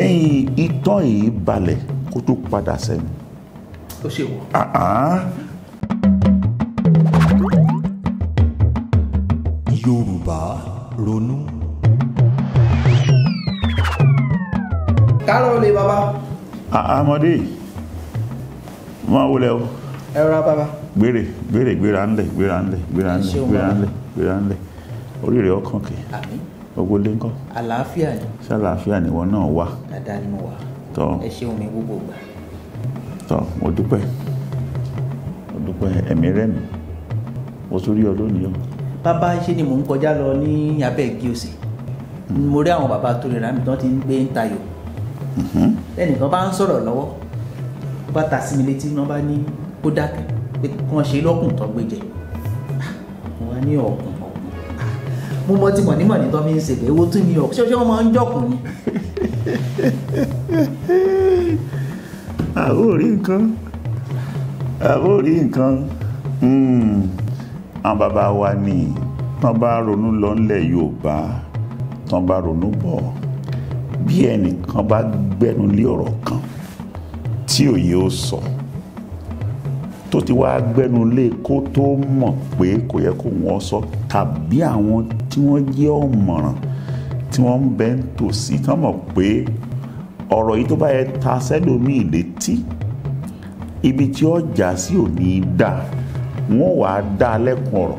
ẹyin ìtọ́ yìí balẹ̀ kó tó padà sẹ́nu. ó ṣe wọ. Yorùbá ronú. kárọ̀ lè bàbá. àmọ́dé máa wọlé o. ẹ rọra bàbá. gbére gbére gbéra ńlẹ̀ gbéra ńlẹ̀ gbéra ńlẹ̀ gbéra ńlẹ̀ gbéra ńlẹ̀ oríire ọkàn kì. àmín gbogbo lé ńkọ́. àlàáfíà ni. ṣàlàáfíà ni ìwọ náà wà. dáadáa ni mo wà. tọ ẹ ṣeun mi gbogbo gbà. tọ mo dúpẹ́ mo dúpẹ́ ẹ̀mí rẹ̀ mi mo tún rí ọ lónìí o. bàbá ṣe ni mò ń kọjá lọ ní abẹ́ igi òsì hmm. mo rí àwọn bàbá tó lè rà mí tí wọ́n ti ń gbé ń tayò hmm. ẹnìkan bá ń sọ̀rọ̀ lọ́wọ́ bá ta sí mi létí wọ́n bá ní kó dákẹ́ pé kí ṣe lọ́kùn tó gbé jẹ ah, wọ́n á ní ọ̀kùn mo mọ tí mọ̀nímọ̀ní tó fi ń ṣègbè ewo tún ni ọ̀ ṣé ṣé wọ́n máa ń jọ̀kùn ni. àwọn ò rí nǹkan àwọn ò rí nǹkan hmm. àwọn bàbá wa ni tán bá ronú lọ ńlẹ̀ Yorùbá tán bá ronú bọ̀ bí ẹnìkan bá gbẹnu lé ọ̀rọ̀ kan tí òye ó sọ tó ti wá gbẹnu lé e kó tó mọ̀ pé kò yẹ kó wọ́n sọ tàbí àwọn tí wọ́n jẹ́ ọ̀mọ̀ràn tí wọ́n ń bẹ ń tòsí tán mọ̀ pé ọ̀rọ̀ yìí tó bá yẹ ta sẹ́lòmíì létí ibi tí ó jà sí ò ní í dà wọ́n wàá dá a lẹ́kùn ọ̀rọ̀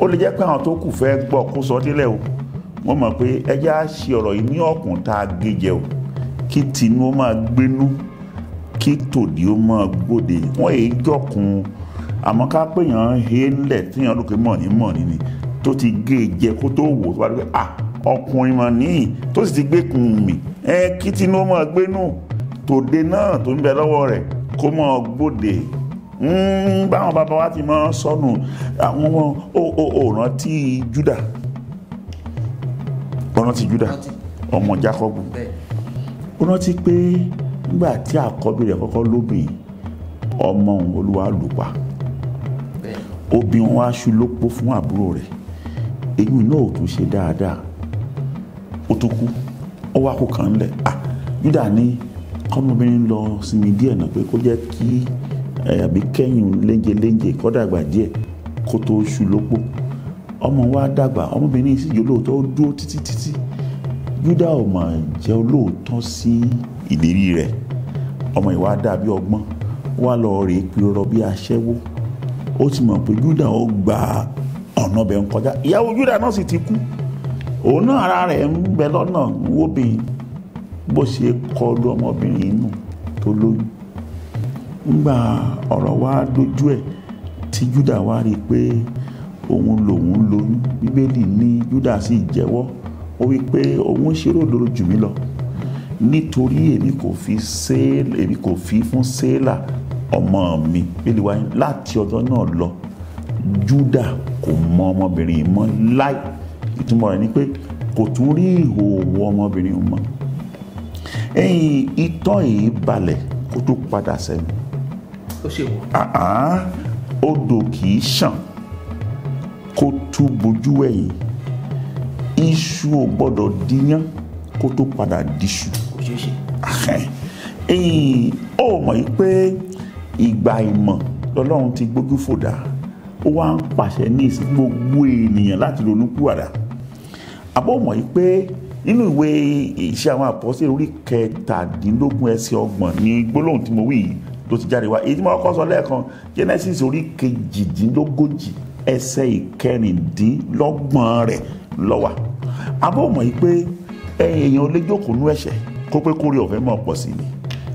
ó lè jẹ́ pé àwọn tó kù fẹ́ gbọ́ kó sọ délẹ̀ o wọ́n mọ̀ pé ẹjẹ́ á ṣe ọ̀rọ̀ yìí ní ọ̀kùn tá a gé jẹ o kí tinú ó máa gbénú kí tòdí ó máa gbòde wọ́n èyí jọ̀kun àmọ́ ká pèèyàn hé ńlẹ̀ tíyàn lókè mọ̀ ní mọ̀ ní ni. Moni, moni, tó ti gé e jẹ kó tó wò tó bá dé ah ọkùnrin mà níyì tó sì ti gbé kun mi ẹ kí tinú máa gbé nù tòde náà tó ń bẹ lọ́wọ́ rẹ̀ kó máa gbòde hmm, báwọn bàbá wa ti máa sọnù àwọn òòràn tí Júdà ọ̀nà ti Júdà ọmọ Jákọ́bù ó rántí pé nígbà tí àkọ́bí rẹ̀ kọ́kọ́ lóbìn ọmọ òun Olúwa lù pa obìnrin wa ṣú lópó fún àbúrò rẹ̀ èyí náà ò tún ṣe dáadáa ó tún kú ó wá kó kàn lẹ̀ à ah, Júdà ní kọ́mọbìnrin lọ sinmi díẹ̀ náà pé kó jẹ́ kí àbí kẹ́yìn léńjẹ léńjẹ kó dàgbà díẹ̀ kó tó ṣú lópò ọmọ wa dàgbà ọmọbìnrin sì yóò lóòótọ́ ó dúró títí títí Júdà ò mà jẹ́ olóòótọ́ sí ìlérí rẹ̀ ọmọ ìwà dàbí ọgbọ́n wà lọ rèé pé bí aṣẹ́wó ó ti mọ̀ pé Júdà ó gba ọ̀nà bẹ̀ ń kọjá ìyàwó Júdà náà sì ti kú òun náà ara rẹ̀ ń bẹ lọ́nà wó bí bó ṣe kọlu ọmọbìnrin inú tó lóyún ńgbà ọ̀rọ̀ wá dójú ẹ̀ tí Júdà wá rí i pé òun lòun lóyún bíbélì ní Júdà sì jẹ́wọ́ ó wí pé òun ṣeré òdòdó jù mí lọ nítorí èmi kò fi séèlà èmi kò fi fún séèlà ọmọ mi bíbélì wáyé láti ọjọ́ náà lọ Júdà kò mọ ọmọbìnrin mọ́ láì ìtumọ̀ rẹ̀ ni pé kò tún rí ìhòòhò ọmọbìnrin mọ́ ẹ̀yìn itọ́ yìí balẹ̀ kó tó padà sẹ́nu. ó ṣe wọ. odò kì í ṣàn kó tú bojú ẹ̀yìn iṣu ò gbọ́dọ̀ díyán kó tó padà díṣu. ó é ṣe. ẹ̀yìn ó mọ̀ yìí pé ìgbà ìmọ̀ lọ́lọ́run ti gbójú fòdà ó wá ń pàṣẹ ní ìsìn gbogbo ènìyàn láti ronúpìwàdà àbọ̀mọ̀ yìí pé nínú ìwé iṣẹ́ àwọn àpọ́sẹ̀ orí kẹtàdínlógún ẹsẹ̀ ọgbọ̀n ní gbólóhùn tí mo wí yìí ló ti jáde wá èyí tí mo kọ́ sọ lẹ́ẹ̀kan Genesis orí kejìdínlógójì ẹsẹ̀ ìkẹrìndínlọ́gbọ̀n rẹ̀ lọ́wà àbọ̀mọ̀ yìí pé èèyàn ò lè jókòó nú ẹ̀ṣẹ̀ kó pé kórè ọ̀fẹ́ mọ̀ pọ̀ sí ni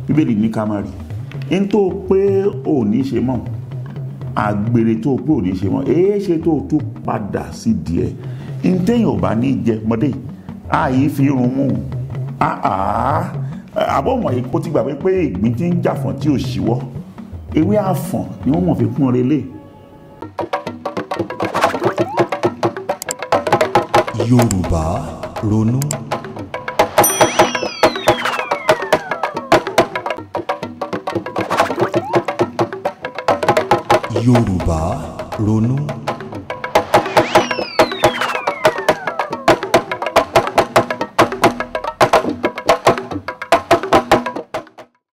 bíbélì ní ká má tó pé ò ṣe mọ́ àgbèrè tó o pé ò ní ṣe mọ́ èé ṣe tó o tún padà sí díẹ̀ ntẹ́yìn ò bá ní jẹ mọ́dé ààyè fi irun mú àbọ̀mọ̀ epo ti gbà pé ìgbín ti ń jàfọ̀n tí ò ṣíwọ́ ewé àfọ̀n ni wọ́n mọ̀ fi kún un relé. Yorùbá ronú. Yorùbá Ronú.